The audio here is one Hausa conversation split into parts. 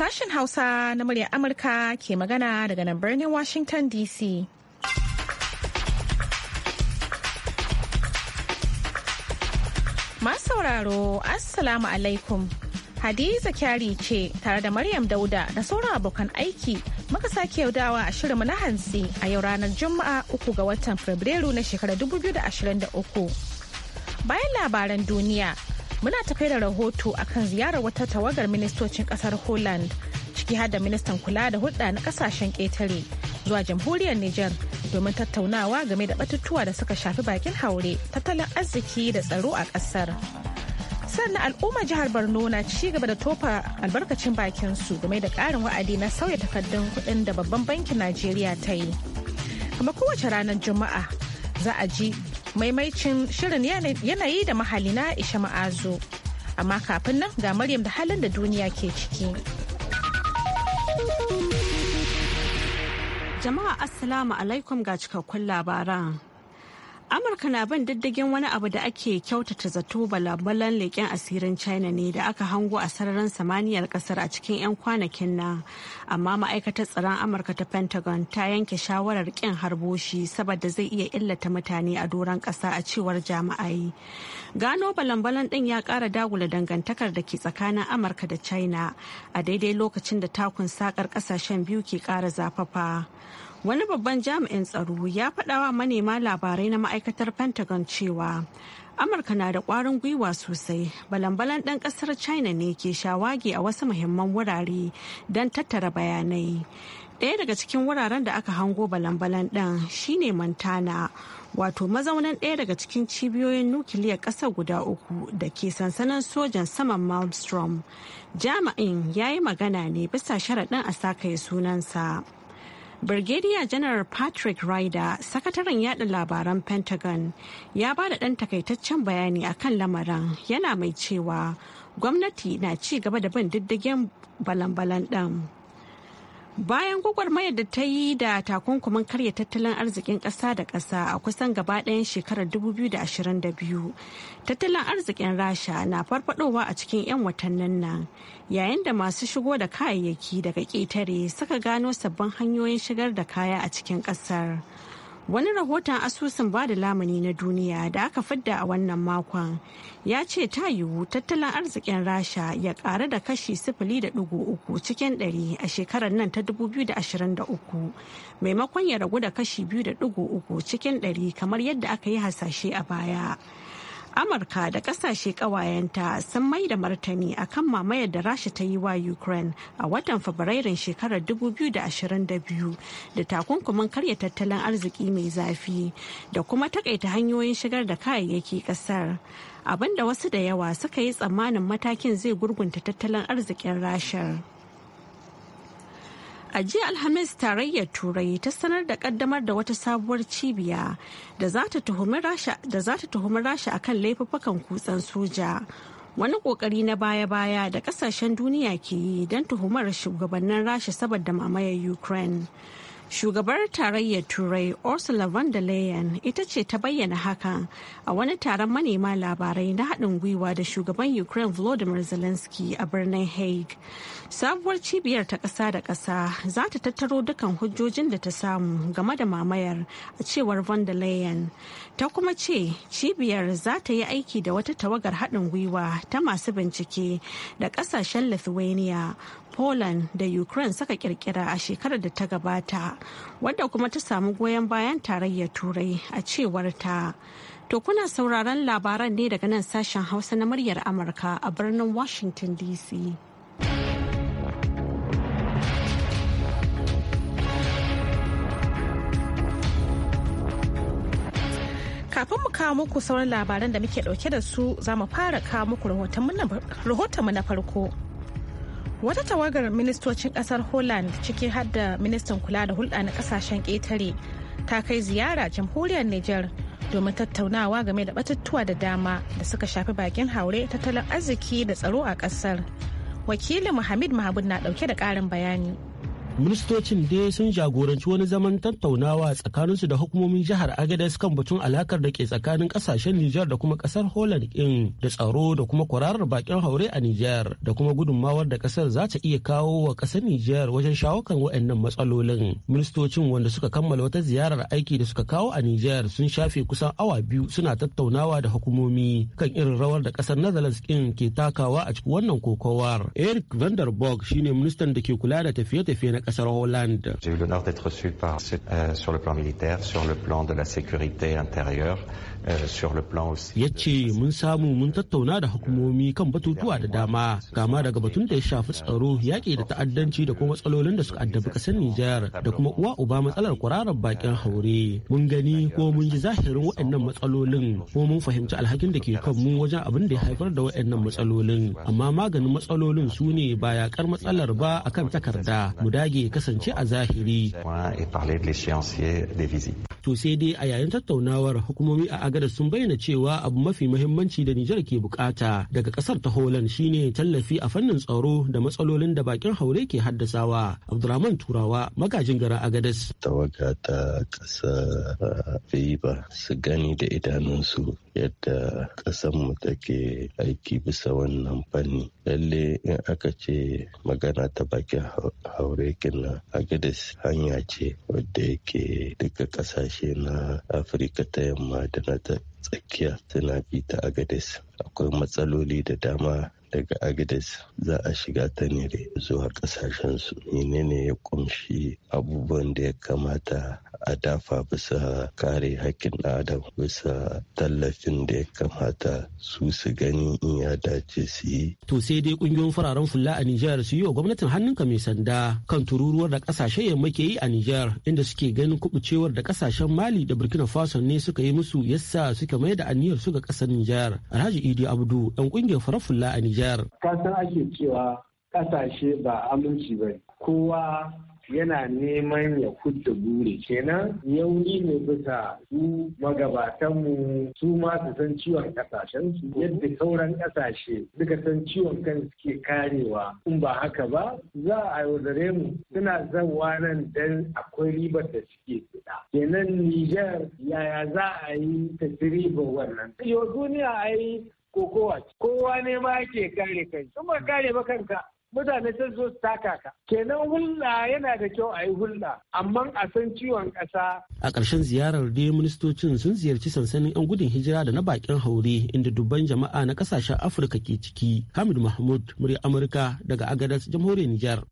Sashen Hausa na muryar Amurka ke magana daga nan birnin Washington DC. Masu sauraro, Assalamu alaikum. Hadiza Kyari ce tare da Maryam Dauda da sauran abokan aiki muka sake yaudawa a shirinmu na hantsi a yau ranar Juma'a uku ga watan Fabrairu na shekarar 2023. Bayan labaran duniya, Muna tafai da rahoto kan ziyarar wata tawagar ministocin kasar Holland ciki har da ministan kula da hulɗa na kasashen ƙetare zuwa jamhuriyar niger. domin tattaunawa game da batutuwa da suka shafi bakin haure, tattalin arziki da tsaro a ƙasar. sannan al'ummar jihar borno na ci gaba da tofa albarkacin bakin su game da karin wa'adi na sauya takardun kuɗin da babban bankin najeriya ta yi kamar kowace ranar juma'a za a ji maimaicin shirin yanayi da mahali na isha ma'azu amma kafin nan ga maryam da halin da duniya ke ciki jama'a assalamu alaikum ga cikakkun labaran amurka na bin diddigin wani abu da ake kyautata zato balabalan leƙen asirin china ne da aka hango a sararin samaniyar kasar a cikin 'yan kwanakin nan amma ma'aikatar tsaron amurka ta pentagon ta yanke shawarar ƙin harboshi saboda zai iya illata mutane a doron ƙasa a cewar jama'ai gano balambalan ɗin ya ƙara dagula dangantakar da ke tsakanin amurka da china a daidai lokacin da takun sakar ƙasashen biyu ke ƙara zafafa wani babban jami'in tsaro ya faɗawa manema labarai na ma'aikatar pentagon cewa amurka na da ƙwarin gwiwa sosai balan-balan ɗan ƙasar china ne ke shawagi a wasu muhimman wurare don tattara bayanai ɗaya daga cikin wuraren da aka hango balan-balan shine montana wato mazaunan ɗaya daga cikin cibiyoyin nukiliyar ƙasa guda uku da ke sansanin sojan saman malmstrom jami'in ya yi magana ne bisa sharaɗin a sakaye sunansa Brigadier General Patrick Ryder, sakataren yada labaran Pentagon, ya ba da ɗan takaitaccen bayani akan lamarin yana mai cewa gwamnati na ci gaba da bin diddigin balan-balan ɗan. bayan gwagwarmayar da ta yi da takunkumin karya tattalin arzikin ƙasa da ƙasa a kusan gaba ɗayan shekarar 2022 tattalin arzikin rasha na farfadowa a cikin 'yan watannin nan yayin da masu shigo da kayayyaki daga ƙetare suka gano sabbin hanyoyin shigar da kaya a cikin ƙasar. Wani rahoton asusun ba da lamuni na duniya da aka fidda a wannan makon ya ce ta yiwu tattalin arzikin Rasha ya kara da kashi da uku cikin ɗari a shekarar nan ta 2023 maimakon ya ragu da kashi biyu da uku cikin ɗari kamar yadda aka yi hasashe a baya. amurka da kasashe kawayenta sun mai da martani kan mamayar da rasha ta yi wa ukraine a watan fabrairun shekarar 2022 da takunkumin karya tattalin arziki mai zafi da kuma takaita hanyoyin shigar da kayayyaki kasar abinda wasu da yawa suka yi tsammanin matakin zai gurgunta tattalin arzikin rashar. A jiya Alhamis tarayyar Turai ta sanar da kaddamar da wata sabuwar cibiya da za ta tuhumi rasha akan laifuffukan kutsan soja. Wani kokari na baya-baya da kasashen duniya ke yi don tuhumar shugabannin rasha saboda mamayar Ukraine. Shugabar tarayyar Turai Ursula von der Leyen ita ce ta bayyana hakan a wani taron manema labarai na haɗin gwiwa da shugaban Ukraine Volodymyr Zelensky a birnin Hague. Sabuwar cibiyar ta ƙasa da ƙasa za ta tattaro dukan hujjojin da ta samu game da mamayar a cewar von der Leyen. Ta kuma ce cibiyar za ta yi aiki da wata tawagar haɗin gwiwa ta masu bincike da ƙasashen Lithuania Poland da Ukraine suka kirkira a shekarar da ta gabata, wadda kuma ta samu goyon bayan tarayyar Turai a cewar ta. To kuna sauraron labaran ne daga nan sashen Hausa na muryar Amurka a birnin Washington DC. kafin mu kawo muku sauran labaran da muke dauke da su za mu fara kawo muku mu na farko. Wata tawagar ministocin kasar Holland ciki har da ministan kula da hulɗa na kasashen ƙetare ta kai ziyara jamhuriyar Nijar domin tattaunawa game da batutuwa da dama da suka shafi bakin haure tattalin arziki da tsaro a ƙasar. Wakilin Muhammad Mahabud na ɗauke da ƙarin bayani. ministocin dai sun jagoranci wani zaman tattaunawa tsakaninsu da hukumomin jihar agadez kan batun alakar da ke tsakanin kasashen nijar da kuma kasar holland din da tsaro da kuma kwararar bakin haure a nijar da kuma gudunmawar da kasar za ta iya kawo wa kasar nijar wajen shawo kan waɗannan matsalolin ministocin wanda suka kammala wata ziyarar aiki da suka kawo a nijar sun shafe kusan awa biyu suna tattaunawa da hukumomi kan irin rawar da kasar netherlands din ke takawa a cikin wannan kokowar eric vanderburg shine ministan da ke kula da tafiye-tafiye na J'ai eu l'honneur d'être reçu par, euh, sur le plan militaire, sur le plan de la sécurité intérieure, Eh, ya ce mun samu mun tattauna da hukumomi kan batutuwa da dama kama daga batun da ya shafi tsaro yaƙi da ta'addanci da kuma matsalolin da suka addabi ƙasar Nijar da kuma uwa uba matsalar kwararar bakin haure mun gani ko mun ji zahirin waɗannan matsalolin ko mun fahimci alhakin da ke kan mu wajen abin da ya haifar da waɗannan matsalolin amma maganin matsalolin su ne ba yaƙar matsalar ba akan takarda mu dage kasance a zahiri. to sai dai a yayin tattaunawar hukumomi a agada sun bayyana cewa abu mafi mahimmanci da nijar ke bukata daga kasar ta holand shine tallafi a fannin tsaro da matsalolin da bakin haure ke haddasawa abdulrahman turawa magajin gara agadas tawaga ta kasa fiba ah, su gani da idanunsu yadda mu take aiki bisa wannan fanni lalle in aka ce magana ta bakin haure kina agadas hanya ce wadda yake duka ƙasashe kasashe na afirka ta yamma da na tsakiya suna bi ta agades akwai matsaloli da dama daga agades za a shiga ta nere zuwa kasashensu menene ya kumshi abubuwan da ya kamata a dafa bisa kare hakkin adam bisa tallafin da ya kamata su su gani in ya dace su yi. To sai dai kungiyoyin fararen fulla a Nijar su yi wa gwamnatin hannunka mai sanda kan tururuwar da kasashen yamma ke yi a Nijar inda suke ganin kubucewar da kasashen Mali da Burkina Faso ne suka yi musu yasa suka mai da aniyar su ga kasar Nijar. Alhaji Idi Abdu ɗan kungiyar farar fulla a Nijar jihar. Kasan ake cewa ƙasashe ba aminci ba kowa yana neman ya kudda bure kenan yauni ne bisa su magabatanmu su ma su san ciwon kasashen su yadda sauran kasashe suka san ciwon kan suke karewa in ba haka ba za a yaudare mu suna zawa nan dan akwai ribar da suke fida kenan Nijar yaya za a yi ta ribar wannan yau duniya ai ko kowa ne ma ke kare kai in ba kare ba kanka mutane sun zo su taka ka kenan hulɗa yana da kyau a yi hulɗa amma a san ciwon ƙasa. a ƙarshen ziyarar dai ministocin sun ziyarci sansanin 'yan gudun hijira da na bakin haure inda dubban jama'a na ƙasashen afirka ke ciki hamid mahmud murya amurka daga agadas jamhuriyar nijar.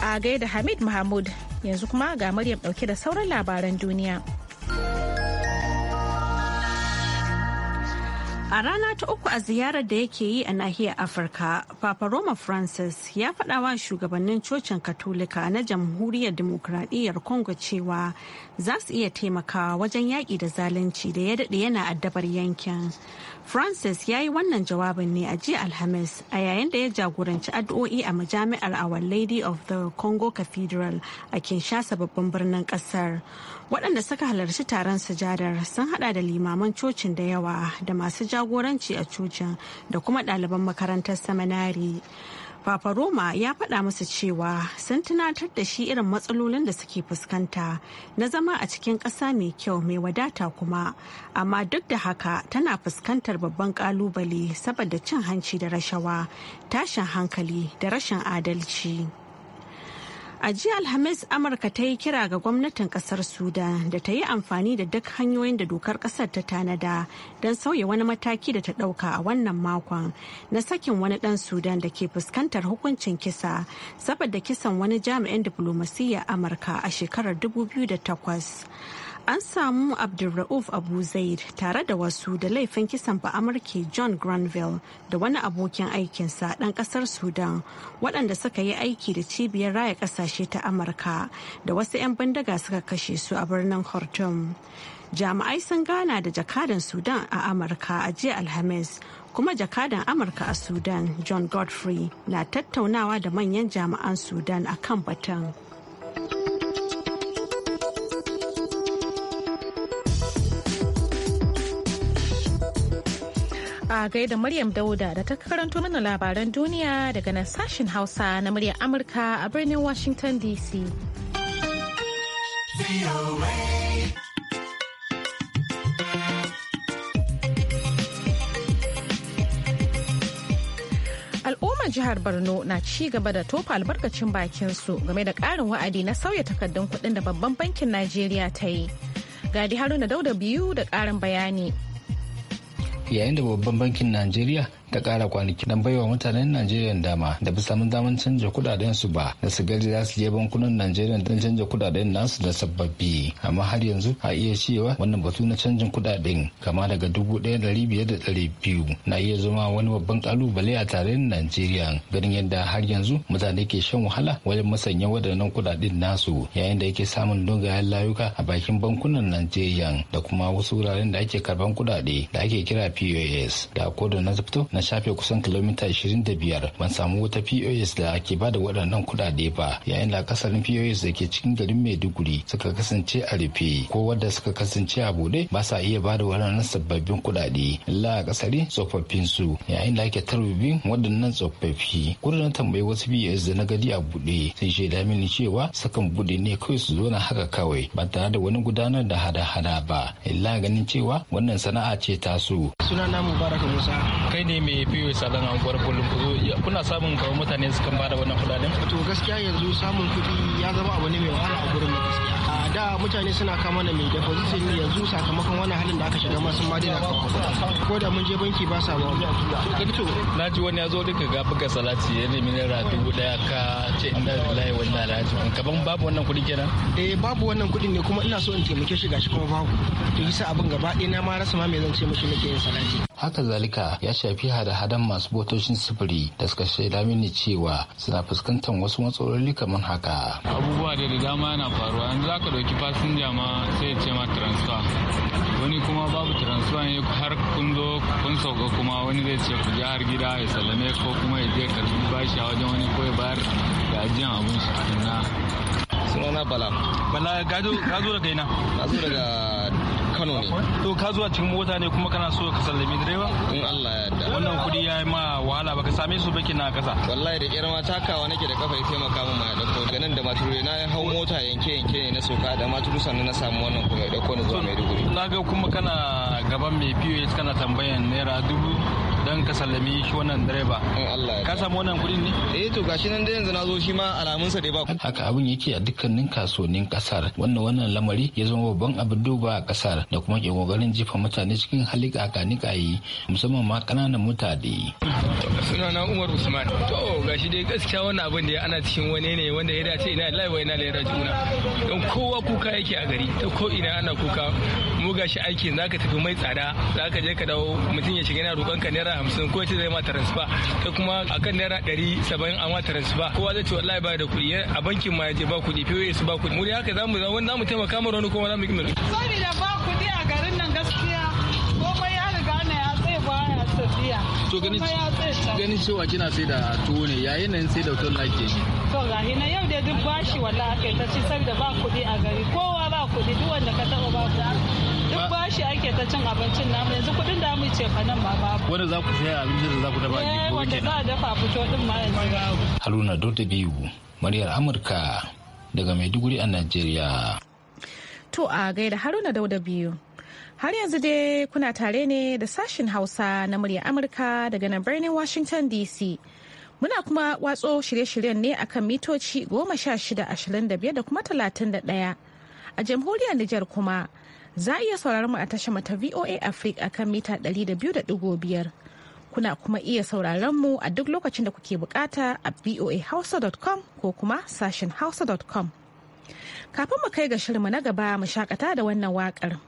a gaida hamid mahmud yanzu kuma ga Maryam ɗauke da sauran labaran duniya. A rana ta uku a ziyarar da yake yi a nahiyar Afirka, Papa Roma Francis ya faɗawa shugabannin cocin Katolika na Jamhuriyar Dimokuraɗiyyar Congo cewa za su iya taimakawa wajen yaƙi da zalunci da ya daɗe yana addabar yankin. Francis ya yi wannan jawabin ne a jiya Alhamis a yayin da ya jagoranci addu'o'i a majami'ar Our Lady of the Congo Cathedral a Kinshasa babban birnin ƙasar. Waɗanda suka halarci taron sujadar sun haɗa da limaman cocin da yawa da masu jagoranci a cocin da kuma ɗaliban makarantar seminary. Papa Roma ya faɗa masa cewa sun tunatar da shi irin matsalolin da suke fuskanta na zama a cikin ƙasa mai kyau mai wadata kuma, amma duk da haka tana fuskantar babban ƙalubale saboda cin hanci da rashawa, tashin hankali da rashin adalci. A jiya Alhamis Amurka ta yi kira ga gwamnatin kasar Sudan da ta yi amfani da duk hanyoyin da dokar kasar ta tanada don sauya wani mataki da ta dauka a wannan makon na sakin wani dan Sudan da ke fuskantar hukuncin kisa saboda kisan wani jami'in diflomasiyyar Amurka a shekarar 2008. an samu abdulra'uf abu zaid tare da wasu da laifin kisan ba'amurke john granville da wani abokin aikinsa ɗan ƙasar sudan waɗanda suka yi aiki da cibiyar raya ƙasashe ta amurka da wasu 'yan bindiga suka kashe su a birnin khartoum jami'ai sun gana da jakadan sudan a amurka a jiya alhamis kuma jakadan amurka a sudan john godfrey na tattaunawa da manyan jami'an sudan a kan batun a gaida Maryam Dauda da ta karanto mana labaran duniya daga nan sashen Hausa na muryar Amurka a birnin Washington DC. Al'ummar jihar Borno na ci gaba da tofa albarkacin bakin su game da ƙarin wa'adi na sauya takardun kuɗin da babban bankin Najeriya ta yi. Gadi Haruna Dauda biyu da ƙarin bayani. yayin da babban bankin najeriya da ƙara kwanaki don baiwa mutanen Najeriya dama da bi samun daman canja kudaden su ba da su gari za su je bankunan Najeriya don canja kudaden nasu da sababbi amma har yanzu a iya cewa wannan batu na canjin kudaden kama daga dubu ɗaya da biyar da ɗari biyu na iya zama wani babban kalubale a tarayyar Najeriya ganin yadda har yanzu mutane ke shan wahala wajen masanya wadannan kudaden nasu yayin da yake samun dogayen layuka a bakin bankunan Najeriya da kuma wasu wuraren da ake karban kudade da ake kira POS da kodon na fito na shafe kusan kilomita 25 ban samu wata pos da ke bada waɗannan kuɗaɗe ba yayin da akasarin pos da ke cikin garin maiduguri suka kasance a rufe ko wadda suka kasance a buɗe ba sa iya bada waɗannan sababbin kuɗaɗe illa a kasari tsofaffin su yayin da ake tarbibi waɗannan tsofaffi na tambayi wasu pos da na gadi a buɗe sun shaida mini cewa sukan buɗe ne kawai su zo na haka kawai ba tare da wani gudanar da hada-hada ba illa ganin cewa wannan sana'a ce ta sunana mubarak musa kai ne mai fiye salon anguwar kullum kuna samun ga mutane su kan bada wannan kudaden to gaskiya yanzu samun kuɗi ya zama abu ne mai wahala a gurin gaskiya da mutane suna kama na mai deposit ne yanzu sakamakon wani halin da aka shiga ma sun ma daina kawo ko da mun je banki ba sa ba kirto eh, na ji wani ya zo duka ga buga salati ya nemi naira dubu daya ka ce inna lai wa alhaji ilaihi kaban kaman babu wannan kuɗi kenan eh babu wannan kuɗin ne kuma ina so in taimake shi gashi kuma babu to yasa abin gaba ɗaya na ma rasa ma me zan ce mishi nake yin salati haka zalika ya shafi hada-hadan masu botocin sufuri da suka shaida mini cewa suna fuskantar wasu matsaloli kamar haka abubuwa da da dama yana faruwa yanzu zaka ɗauki fasinja ma sai ce ma transfer wani kuma babu transfer ne har kun zo kun sauka kuma wani zai ce ku je har gida ya sallame ko kuma ya je karbi bashi a wajen wani ko ya bayar da ajiyan abin shi na sunana bala bala gado ka zo daga ina ka zo daga kano ne to ka a cikin mota ne kuma kana so ka sallame direba in Allah ya wannan kuɗi ya yi ma wahala baka same su baki na kasa. wallahi da ƙyar ma takawa nake da kafa ya taimaka min ma ya ɗauko ganin da matu na hau mota yanke yanke ne na soka da matu sannan na samu wannan kuma ya ɗauko ni zuwa maiduguri. na ga kuma kana gaban mai pos kana tambayan naira dubu don ka sallami shi wannan direba ka samu wannan kudin ne eh to gashi nan da yanzu na zo shi ma alamunsa dai ba haka abin yake a dukkanin kasuwannin kasar wannan wannan lamari ya zama babban abin duba a kasar da kuma ke kokarin jefa mutane cikin halin yi musamman ma kananan mutane suna na umar usman to gashi dai gaskiya wannan abin da ana cikin wani ne wanda ya dace ina lillahi wai ina lera juna. don kowa kuka yake a gari ta ko ina ana kuka mu gashi aiki zaka tafi mai tsada zaka je ka dawo mutum ya shiga yana roƙon ka naira naira hamsin ko ce zai ma transfer ta kuma akan naira ɗari saba'in a ma transfer kowa zai ce wallahi baya da kuɗi eh, a bankin ma ya je ba kuɗi su ba kuɗi mu za mu zama wani zamu taimaka mana wani kuma za mu zamu sani saboda ba kuɗi a garin nan gaskiya komai ya riga na ya tsaye baya tafiya. to ganin cewa kina sai da tuwo ne yayin nan sai da wutar lake. to ga hina yau da duk bashi wallahi aka yi ta ci saboda ba kuɗi a gari kowa ba kuɗi duk wanda ka taɓa ba kuɗi. duk bashi ake ta cin abincin namu yanzu kudin da mu ce nan ma babu wanda za ku saya abincin da za ku dafa ne ko kenan wanda za a dafa fito din ma yanzu haruna dauda biyu muryar amurka daga maiduguri a najeriya to a gaida haruna dauda biyu Har yanzu dai kuna tare ne da sashin Hausa na murya Amurka daga nan birnin Washington DC. Muna kuma watso shirye-shiryen ne akan mitoci goma sha shida ashirin da biyar da kuma talatin da daya A jamhuriyar Nijar kuma Za a iya sauraron mu a tashar mu ta VOA Africa akan mita 200.5. Kuna kuma iya sauraron mu a duk lokacin da kuke bukata a voahausa.com ko kuma sashen hausa.com. Kafin mu kai ga mu na gaba mu shakata da wannan waƙar.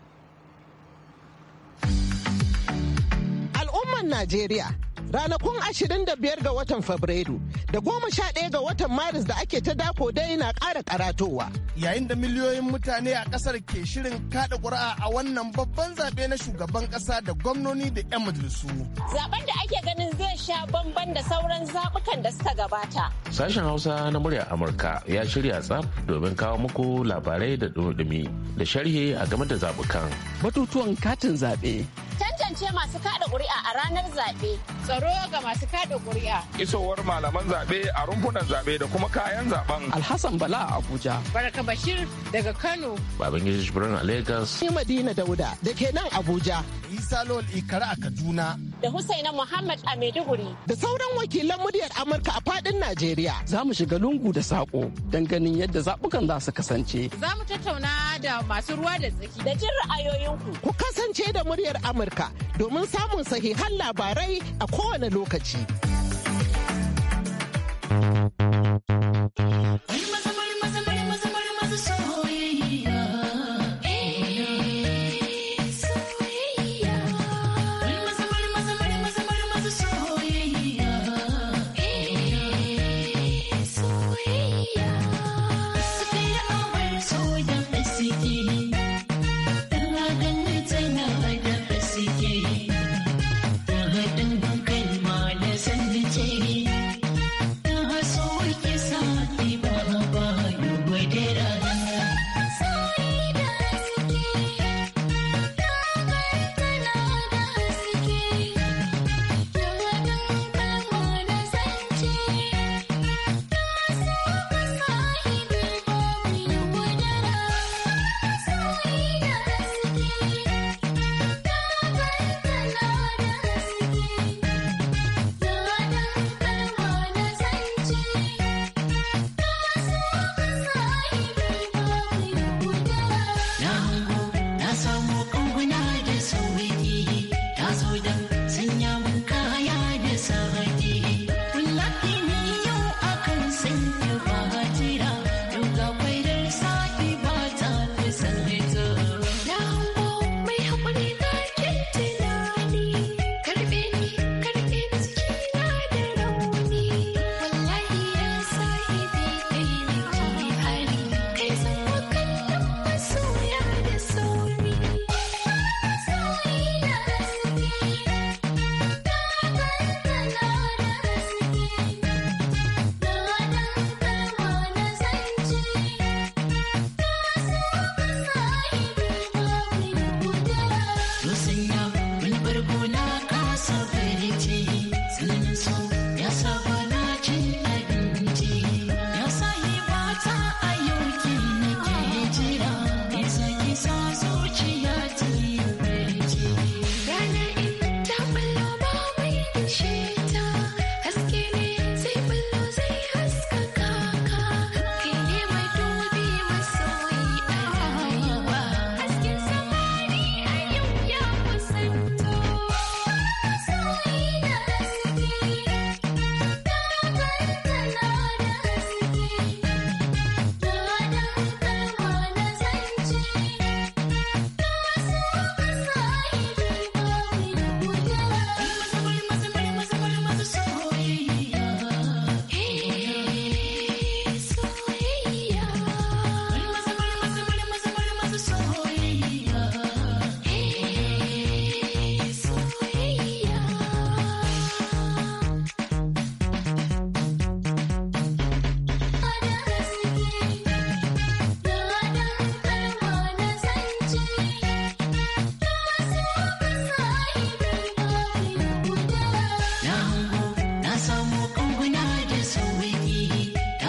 Al'ummar Najeriya ranakun 25 ga watan fabrairu da goma sha 11 ga watan maris da ake ta dako dai na ƙara karatowa yayin da miliyoyin mutane a ƙasar ke shirin kaɗa ƙuri'a a wannan babban zaɓe na shugaban ƙasa da gwamnoni da 'yan majalisu zaben da ake ganin zai sha bamban da sauran zaɓukan da suka gabata sashen hausa na murya amurka ya shirya tsaf domin kawo muku labarai da dumi da sharhi a game da zaɓukan batutuwan katin zaɓe tantance masu kada ƙuri'a a ranar zaɓe, tsaro ga masu kada ƙuri'a. Isowar malaman zaɓe a rumfunan zaɓe da kuma kayan zaɓen. Alhassan Bala a Abuja. Baraka Bashir daga Kano. Babangiji Jibrin a Lagos. Ni Madina Dauda da ke nan Abuja. Isa Lol Ikara a Kaduna. da Husaina Muhammad a Maiduguri. Da sauran wakilan muryar Amurka a fadin Najeriya. Za mu shiga lungu da saƙo don ganin yadda zaɓukan za su kasance. Za mu tattauna da masu ruwa da tsaki da jin ra'ayoyinku. Ku kasance da muryar Amurka domin samun sahihan labarai a kowane lokaci.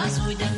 masoyin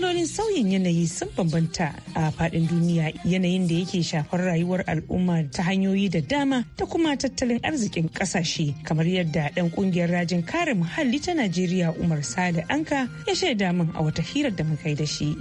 matsalolin sauyin yanayi sun bambanta a fadin duniya yanayin da yake shafar rayuwar al'umma ta hanyoyi da dama ta kuma tattalin arzikin kasashe kamar yadda dan kungiyar rajin kare muhalli ta najeriya umar sada anka ya shaida min a wata hirar da muka yi da shi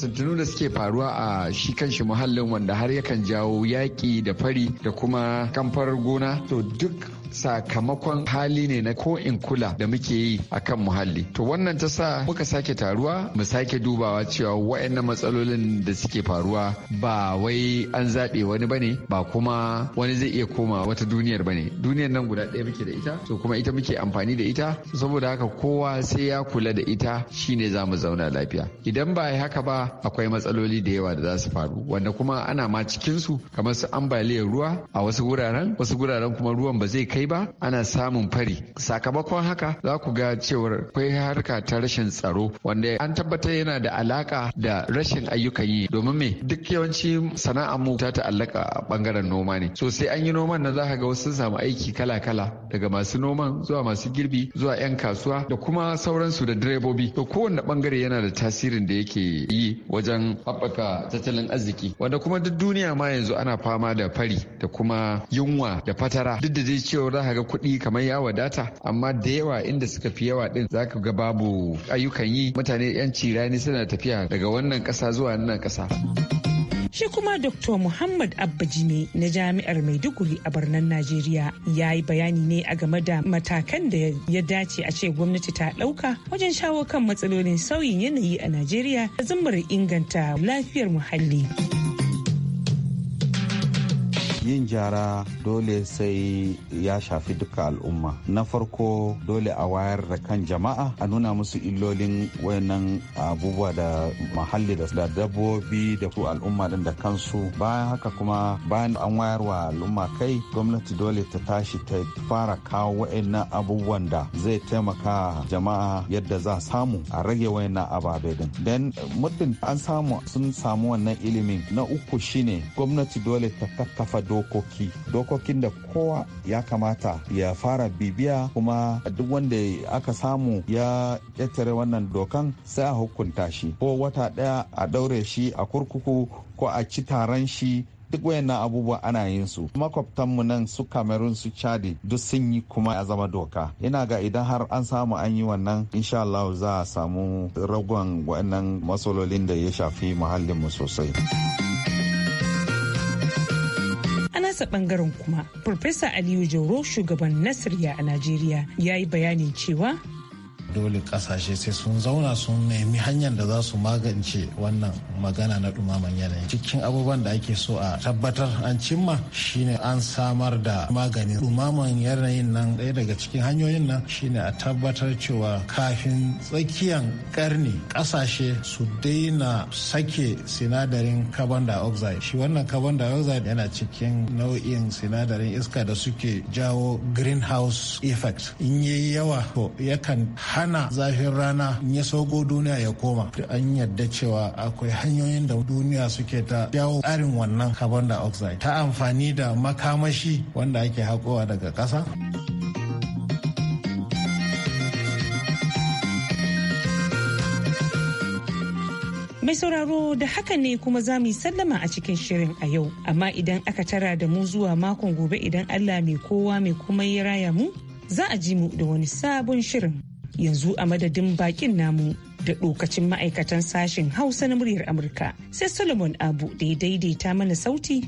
tuntunu da suke faruwa a shi kanshi muhallin wanda har yakan jawo yaƙi da fari da kuma kamfar gona to duk sakamakon hali ne na ko in kula da muke yi akan muhalli to wannan ta sa muka sake taruwa mu sake dubawa cewa waɗannan matsalolin da suke faruwa ba wai an zaɓe wani bane ba kuma wani zai iya koma wata duniyar bane duniyar nan guda ɗaya muke da ita to kuma ita muke amfani da ita saboda haka kowa sai ya kula da ita shine za mu zauna lafiya idan ba haka ba akwai matsaloli da yawa da za su faru wanda kuma ana ma cikinsu kamar su ambaliyar ruwa a wasu wuraren wasu wuraren kuma ruwan ba zai kai sosai ba ana samun fari sakamakon haka za ku ga cewar akwai harka ta rashin tsaro wanda an tabbatar yana da alaka da rashin ayyukan yi domin me duk yawanci sana'ar mu ta ta'allaka a bangaren noma ne so sai an yi noman na za ka ga wasu samu aiki kala-kala daga masu noman zuwa masu girbi zuwa 'yan kasuwa da kuma sauransu da direbobi to kowanne bangare yana da tasirin da yake yi wajen haɓaka tattalin arziki wanda kuma duk duniya ma yanzu ana fama da fari da kuma yunwa da fatara duk da dai cewar za ka ga kuɗi kamar ya wadata amma da yawa inda suka fi yawa din za ka ga babu ayyukan yi mutane 'yan cirani suna tafiya daga wannan ƙasa zuwa wannan ƙasa. shi kuma dr muhammad abba jime na jami'ar maiduguri a birnin najeriya ya yi bayani ne a game da matakan da ya dace a ce gwamnati ta ɗauka wajen shawo kan matsalolin sauyin yanayi a najeriya da zumar inganta lafiyar muhalli. yin jara dole sai ya shafi duka al'umma na farko dole a wayar da kan jama'a a nuna musu illolin wayannan abubuwa da muhalli da dabbobi da su al'umma din da kansu bayan haka kuma bayan an wayar wa al'umma kai gwamnati dole ta tashi ta fara kawo wayannan abubuwan da zai taimaka jama'a yadda za samu a rage wayannan ababe din dan muddin an samu sun samu wannan ilimin na uku shine gwamnati dole ta kakkafa dokoki dokokin da kowa ya kamata ya fara bibiya kuma duk wanda aka samu ya ƙetare wannan dokan sai a hukunta shi ko wata ɗaya a ɗaure shi a kurkuku ko a ci taron shi duk wayannan abubuwa ana yin su mu nan su kamerun su chadi duk sun yi kuma ya zama doka ina ga idan har an samu an yi wannan insha Allah za a samu ragon wayannan masololin da ya shafi muhallinmu sosai. nasa bangaren kuma Profesa Aliyu Jauro shugaban Nasirya a Najeriya ya yi bayanin cewa dole kasashe sai sun zauna sun nemi hanyar da za su magance wannan magana na dumaman yanayi cikin abubuwan da ake so a tabbatar an cimma shine an samar da maganin dumaman yanayin nan ɗaya daga cikin hanyoyin nan shine a tabbatar cewa kafin tsakiyan karni kasashe su daina sake sinadarin carbon dioxide shi wannan carbon dioxide yana cikin nau'in sinadarin iska da suke jawo greenhouse effect in yayi yawa to yakan hana zafin rana in ya sauko duniya ya koma da an yadda cewa akwai hanyoyin da duniya suke ta jawo tsarin wannan carbon dioxide ta amfani da makamashi wanda ake haƙowa daga ƙasa. Mai sauraro da haka ne kuma za mu yi sallama a cikin shirin a yau, amma idan aka tara da mu zuwa makon gobe idan Allah mai kowa mai kuma ya raya mu, za a ji mu da wani sabon shirin. yanzu a madadin bakin namu da dokacin ma'aikatan sashen hausa na muryar amurka sai solomon abu da ya daidaita mana sauti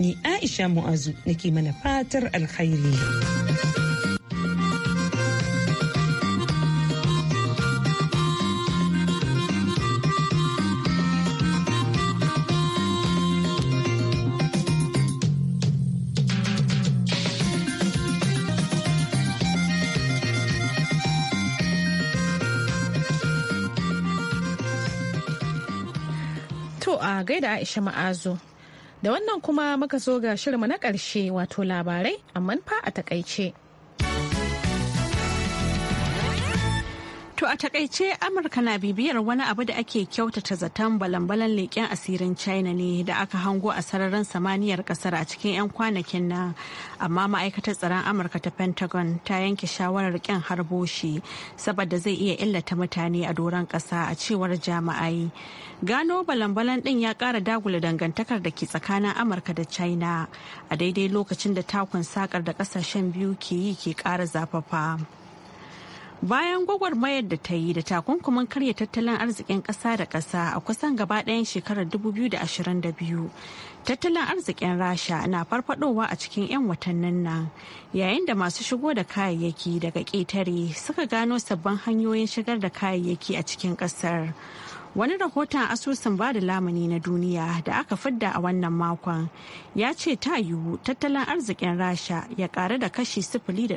ni aisha mu'azu nake mana fatar alkhairi da Aisha Ma'azu. Da wannan kuma muka zo ga shirinmu na ƙarshe wato labarai amma fa a takaice. To a takaice Amurka na bibiyar wani abu da ake kyautata zaton balan-balan leƙen asirin China ne da aka hango a sararin samaniyar kasar a cikin 'yan kwanakin nan. Amma ma'aikatar tsaron Amurka ta Pentagon ta yanke shawarar ƙin harbo shi saboda zai iya illata mutane a doron ƙasa a cewar jama'ai. Gano balan-balan ɗin ya ƙara dagula dangantakar da ke tsakanin Amurka da China a daidai lokacin da takun sakar da ƙasashen biyu ke yi ke ƙara zafafa. bayan gwagwarmayar da ta yi da takunkumin karya tattalin arzikin ƙasa da ƙasa a kusan gaba ɗayan shekarar 2022 tattalin arzikin rasha na farfadowa a cikin 'yan watannin nan yayin da masu shigo da kayayyaki daga ƙetare suka gano sabbin hanyoyin shigar da kayayyaki a cikin ƙasar wani rahoton asusun ba da lamuni na duniya da aka fidda a wannan makon ya ce ta yiwu tattalin arzikin rasha ya karu da kashi 0.3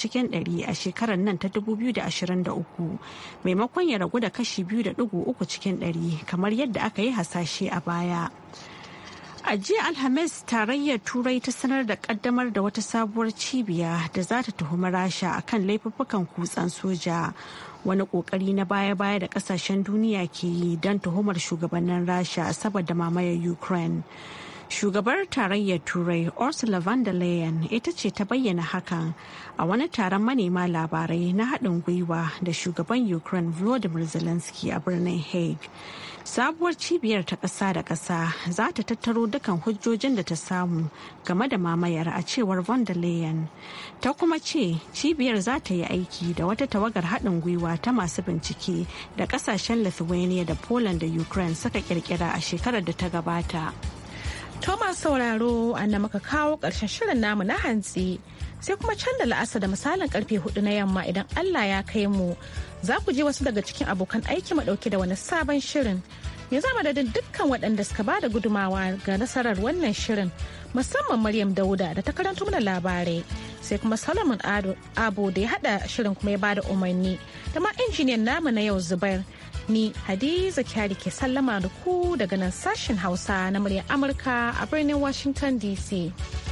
cikin 100 a shekarar nan ta 2023 maimakon ya ragu da kashi 2.3 cikin 100 kamar yadda aka yi hasashe a baya a jiya alhamis tarayyar turai ta sanar da kaddamar da wata sabuwar cibiya da za ta tuhumi rasha akan laifuffukan kutsan soja wani kokari na baya-baya da kasashen duniya ke yi don tuhumar shugabannin rasha saboda mamayar ukraine shugabar tarayyar turai ursula von der leyen ita ce ta bayyana hakan a wani taron manema labarai na haɗin gwiwa da shugaban ukraine volodymyr zelensky a birnin hague sabuwar cibiyar ta ƙasa da ƙasa za ta tattaro dukkan hujjojin da ta samu game da mamayar a cewar von der leyen ta kuma ce cibiyar za ta yi aiki da wata tawagar haɗin gwiwa ta masu bincike da ƙasashen lithuania da poland da ukraine suka kirkira a shekarar da ta gabata thomas sauraro an maka kawo ƙarshen shirin namu na hantsi sai kuma can da la'asa da misalin karfe hudu na yamma idan Allah ya kai mu za ku je wasu daga cikin abokan aiki ma dauke da wani sabon shirin ya za da dukkan waɗanda suka ba da gudumawa ga nasarar wannan shirin musamman Maryam Dauda da ta karanta mana labarai sai kuma Solomon abu da ya hada shirin kuma ya bada umarni da ma injiniyan namu na yau zubar ni Hadiza Kyari ke sallama da ku daga nan sashen Hausa na muryar Amurka a birnin Washington DC.